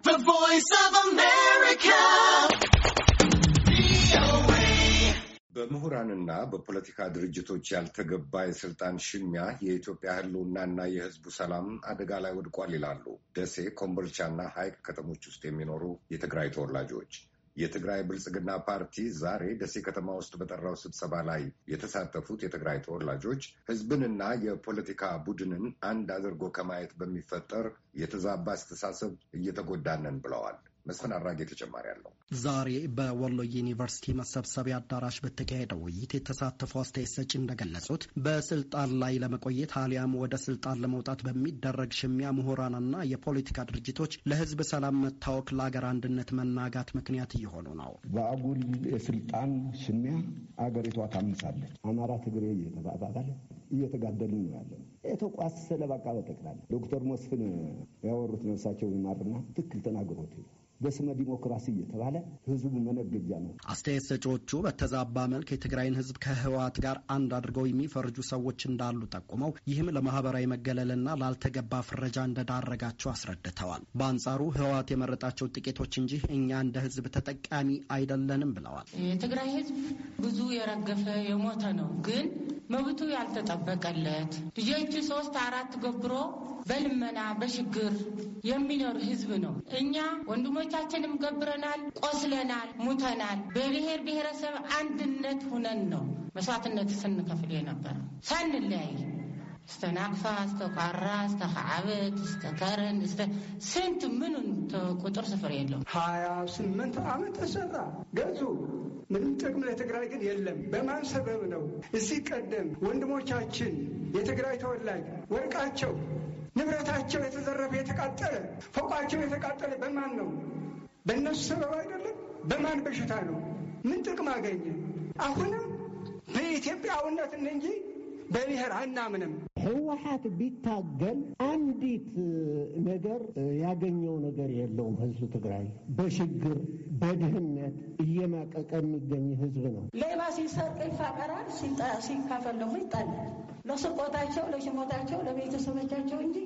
The Voice of America. በምሁራንና በፖለቲካ ድርጅቶች ያልተገባ የስልጣን ሽሚያ የኢትዮጵያ ህልውናና የህዝቡ ሰላም አደጋ ላይ ወድቋል ይላሉ ደሴ፣ ኮምቦልቻና ሐይቅ ከተሞች ውስጥ የሚኖሩ የትግራይ ተወላጆች። የትግራይ ብልጽግና ፓርቲ ዛሬ ደሴ ከተማ ውስጥ በጠራው ስብሰባ ላይ የተሳተፉት የትግራይ ተወላጆች ህዝብንና የፖለቲካ ቡድንን አንድ አድርጎ ከማየት በሚፈጠር የተዛባ አስተሳሰብ እየተጎዳነን ብለዋል። መስፍን አራጌ ተጨማሪ አለው። ዛሬ በወሎ ዩኒቨርሲቲ መሰብሰቢያ አዳራሽ በተካሄደው ውይይት የተሳተፉ አስተያየት ሰጪ እንደገለጹት በስልጣን ላይ ለመቆየት አሊያም ወደ ስልጣን ለመውጣት በሚደረግ ሽሚያ ምሁራንና የፖለቲካ ድርጅቶች ለህዝብ ሰላም መታወክ፣ ለአገር አንድነት መናጋት ምክንያት እየሆኑ ነው። በአጉል የስልጣን ሽሚያ አገሪቷ ታምሳለች። አማራ፣ ትግሬ እየተባባለ እየተጋደልን ነው ያለ የተቋሰለ በቃ በጠቅላላ ዶክተር መስፍን ያወሩት ነፍሳቸው ይማርና ትክክል ተናግሮት በስመ ዲሞክራሲ እየተባለ ህዝቡ መነገጃ ነው። አስተያየት ሰጪዎቹ በተዛባ መልክ የትግራይን ህዝብ ከህወሓት ጋር አንድ አድርገው የሚፈርጁ ሰዎች እንዳሉ ጠቁመው ይህም ለማህበራዊ መገለልና ላልተገባ ፍረጃ እንደዳረጋቸው አስረድተዋል። በአንጻሩ ህወሓት የመረጣቸው ጥቂቶች እንጂ እኛ እንደ ህዝብ ተጠቃሚ አይደለንም ብለዋል። የትግራይ ህዝብ ብዙ የረገፈ የሞተ ነው ግን መብቱ ያልተጠበቀለት ልጆቹ ሶስት አራት ገብሮ በልመና በሽግር የሚኖር ህዝብ ነው። እኛ ወንድሞቻችንም ገብረናል፣ ቆስለናል፣ ሙተናል። በብሔር ብሔረሰብ አንድነት ሁነን ነው መስዋዕትነት ስንከፍል የነበረ ሳንለያይ እስተ ናቅፋ እስተ ቋራ እስተ ከዓበት እስተ ከረን እስተ ስንት ምኑን ቁጥር ስፍር የለው። ሀያ ስምንት ዓመት ተሰራ ገዙ ምንም ጥቅም ለትግራይ ግን የለም። በማን ሰበብ ነው? እዚህ ቀደም ወንድሞቻችን የትግራይ ተወላጅ ወርቃቸው ንብረታቸው የተዘረፈ የተቃጠለ፣ ፎቃቸው የተቃጠለ በማን ነው? በእነሱ ሰበብ አይደለም? በማን በሽታ ነው? ምን ጥቅም አገኘ? አሁንም በኢትዮጵያውነት እንጂ በብሔር አናምንም። ህወሓት ቢታገል አንዲት ነገር ያገኘው ነገር የለውም። ህዝብ ትግራይ በችግር በድህነት እየማቀቀ የሚገኝ ህዝብ ነው። ሌባ ሲሰርቅ ይፋቀራል፣ ሲካፈል ደግሞ ይጣላል። ለስርቆታቸው፣ ለሽሞታቸው፣ ለቤተሰቦቻቸው እንጂ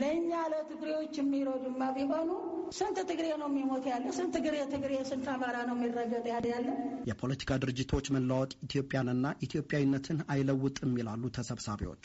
ለእኛ ለትግሬዎች የሚረዱማ ቢሆኑ ስንት ትግሬ ነው የሚሞት ያለ? ስንት ትግሬ ትግሬ ስንት አማራ ነው የሚረገጥ ያለ? የፖለቲካ ድርጅቶች መለዋወጥ ኢትዮጵያንና ኢትዮጵያዊነትን አይለውጥም ይላሉ ተሰብሳቢዎቹ።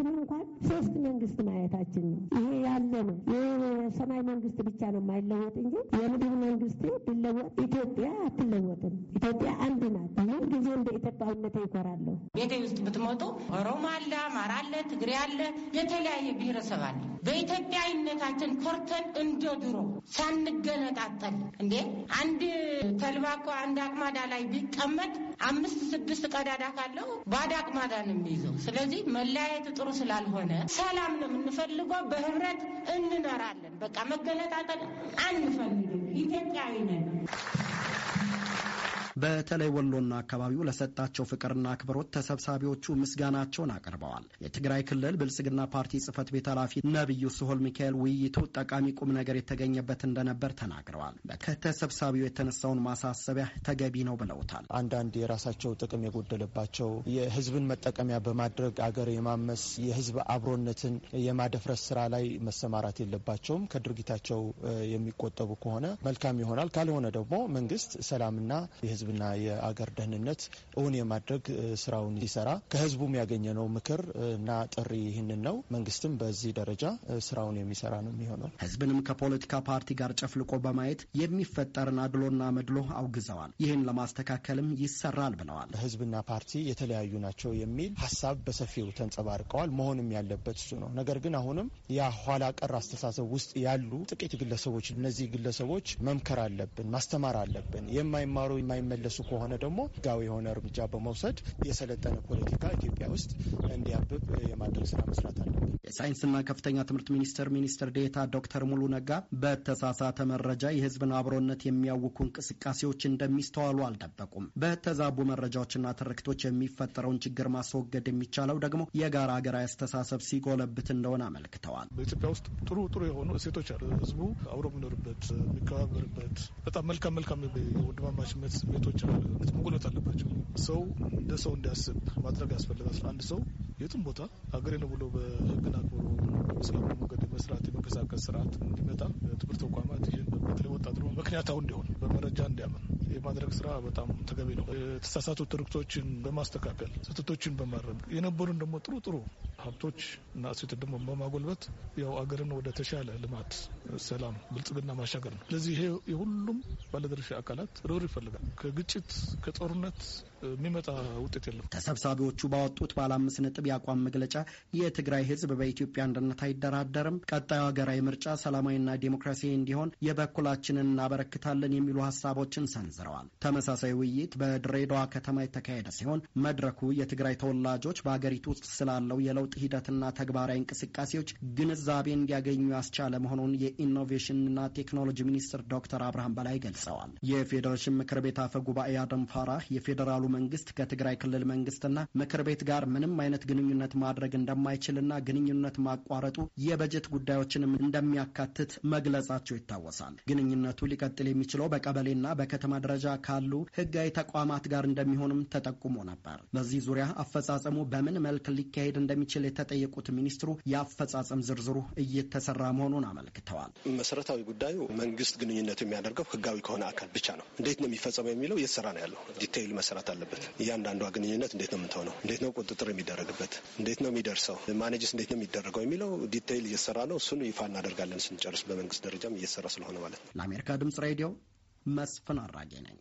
እድሜ እንኳን ሶስት መንግስት ማየታችን ነው። ይሄ ያለ ነው። የሰማይ መንግስት ብቻ ነው የማይለወጥ እንጂ የምድር መንግስት ቢለወጥ ኢትዮጵያ አትለወጥም። ኢትዮጵያ አንድ ናት። ይህን ጊዜ እንደ ኢትዮጵያዊነት ይኮራለሁ። ቤቴ ውስጥ ብትመጡ ኦሮሞ አለ፣ አማራ አለ፣ ትግሬ አለ፣ የተለያየ ብሔረሰብ አለ። በኢትዮጵያዊነታችን ኮርተን እንደ ድሮ ሳንገነጣጠል እንዴ አንድ ተልባ እኮ አንድ አቅማዳ ላይ ቢቀመጥ አምስት ስድስት ቀዳዳ ካለው ባዳ አቅማዳ ነው የሚይዘው። ስለዚህ መለያየት ጥሩ ስላልሆነ ሰላም ነው የምንፈልገው። በህብረት እንኖራለን። በቃ መገለጣጠል አንፈልግም። ኢትዮጵያዊ ነን። በተለይ ወሎና አካባቢው ለሰጣቸው ፍቅርና አክብሮት ተሰብሳቢዎቹ ምስጋናቸውን አቅርበዋል። የትግራይ ክልል ብልጽግና ፓርቲ ጽህፈት ቤት ኃላፊ ነቢዩ ስሆል ሚካኤል ውይይቱ ጠቃሚ ቁም ነገር የተገኘበት እንደነበር ተናግረዋል። ከተሰብሳቢው የተነሳውን ማሳሰቢያ ተገቢ ነው ብለውታል። አንዳንድ የራሳቸው ጥቅም የጎደለባቸው የህዝብን መጠቀሚያ በማድረግ አገር የማመስ የህዝብ አብሮነትን የማደፍረስ ስራ ላይ መሰማራት የለባቸውም። ከድርጊታቸው የሚቆጠቡ ከሆነ መልካም ይሆናል። ካልሆነ ደግሞ መንግስት ሰላምና የህዝብ ሕዝብና የአገር ደህንነት እውን የማድረግ ስራውን ከህዝቡም ያገኘ ያገኘነው ምክር እና ጥሪ ይህንን ነው። መንግስትም በዚህ ደረጃ ስራውን የሚሰራ ነው የሚሆነው። ህዝብንም ከፖለቲካ ፓርቲ ጋር ጨፍልቆ በማየት የሚፈጠርን አድሎና መድሎ አውግዘዋል። ይህን ለማስተካከልም ይሰራል ብለዋል። ህዝብና ፓርቲ የተለያዩ ናቸው የሚል ሀሳብ በሰፊው ተንጸባርቀዋል። መሆንም ያለበት እሱ ነው። ነገር ግን አሁንም ያ ኋላ ቀር አስተሳሰብ ውስጥ ያሉ ጥቂት ግለሰቦች እነዚህ ግለሰቦች መምከር አለብን፣ ማስተማር አለብን። የማይማሩ የማይመ የሚመለሱ ከሆነ ደግሞ ሕጋዊ የሆነ እርምጃ በመውሰድ የሰለጠነ ፖለቲካ ኢትዮጵያ ውስጥ እንዲያብብ የማድረግ ስራ መስራት አለብን። የሳይንስና ከፍተኛ ትምህርት ሚኒስቴር ሚኒስትር ዴታ ዶክተር ሙሉ ነጋ በተሳሳተ መረጃ የህዝብን አብሮነት የሚያውኩ እንቅስቃሴዎች እንደሚስተዋሉ አልደበቁም። በተዛቡ መረጃዎችና ትርክቶች የሚፈጠረውን ችግር ማስወገድ የሚቻለው ደግሞ የጋራ ሀገራዊ አስተሳሰብ ሲጎለብት እንደሆነ አመልክተዋል። በኢትዮጵያ ውስጥ ጥሩ ጥሩ የሆኑ እሴቶች አሉ። ህዝቡ አብሮ የሚኖርበት የሚከባበርበት በጣም መልካም መልካም የወንድማማችነት ስሜቶች መብቶች እና ነገሮች መጎለት አለባቸው። ሰው እንደ ሰው እንዲያስብ ማድረግ ያስፈልጋል። አንድ ሰው የትም ቦታ ሀገሬ ነው ብሎ በህግን አክብሮ በሰላም መንገድ መስራት የመንቀሳቀስ ስርዓት እንዲመጣ ትምህርት ተቋማት ይህን በተለይ ወጣት ደግሞ ምክንያታዊ እንዲሆን በመረጃ እንዲያምን የማድረግ ስራ በጣም ተገቢ ነው። የተሳሳቱ ትርክቶችን በማስተካከል ስህተቶችን በማረም የነበሩን ደግሞ ጥሩ ጥሩ ሀብቶች እና እሴትን ደግሞ በማጎልበት ያው አገርን ወደ ተሻለ ልማት፣ ሰላም፣ ብልጽግና ማሻገር ነው። ስለዚህ ይሄ የሁሉም ባለድርሻ አካላት ርብር ይፈልጋል። ከግጭት ከጦርነት የሚመጣ ውጤት የለም። ተሰብሳቢዎቹ ባወጡት ባለ አምስት ነጥብ የአቋም መግለጫ የትግራይ ህዝብ በኢትዮጵያ አንድነት አይደራደርም፣ ቀጣዩ ሀገራዊ ምርጫ ሰላማዊና ዲሞክራሲያዊ እንዲሆን የበኩላችንን እናበረክታለን የሚሉ ሀሳቦችን ሰንዝረዋል። ተመሳሳይ ውይይት በድሬዳዋ ከተማ የተካሄደ ሲሆን መድረኩ የትግራይ ተወላጆች በሀገሪቱ ውስጥ ስላለው የለውጥ የለውጥ ሂደትና ተግባራዊ እንቅስቃሴዎች ግንዛቤ እንዲያገኙ ያስቻለ መሆኑን የኢኖቬሽንና ቴክኖሎጂ ሚኒስትር ዶክተር አብርሃም በላይ ገልጸዋል። የፌዴሬሽን ምክር ቤት አፈ ጉባኤ አደም ፋራህ የፌዴራሉ መንግስት ከትግራይ ክልል መንግስትና ምክር ቤት ጋር ምንም አይነት ግንኙነት ማድረግ እንደማይችልና ግንኙነት ማቋረጡ የበጀት ጉዳዮችንም እንደሚያካትት መግለጻቸው ይታወሳል። ግንኙነቱ ሊቀጥል የሚችለው በቀበሌና በከተማ ደረጃ ካሉ ህጋዊ ተቋማት ጋር እንደሚሆንም ተጠቁሞ ነበር። በዚህ ዙሪያ አፈጻጸሙ በምን መልክ ሊካሄድ እንደሚችል በሚችል የተጠየቁት ሚኒስትሩ የአፈጻጸም ዝርዝሩ እየተሰራ መሆኑን አመልክተዋል። መሰረታዊ ጉዳዩ መንግስት ግንኙነት የሚያደርገው ህጋዊ ከሆነ አካል ብቻ ነው። እንዴት ነው የሚፈጸመው የሚለው እየተሰራ ነው ያለው። ዲቴይል መሰራት አለበት። እያንዳንዷ ግንኙነት እንዴት ነው የምትሆነው፣ እንዴት ነው ቁጥጥር የሚደረግበት፣ እንዴት ነው የሚደርሰው፣ ማኔጅስ እንዴት ነው የሚደረገው የሚለው ዲቴይል እየተሰራ ነው። እሱን ይፋ እናደርጋለን ስንጨርስ። በመንግስት ደረጃም እየተሰራ ስለሆነ ማለት ነው። ለአሜሪካ ድምጽ ሬዲዮ መስፍን አራጌ ነኝ።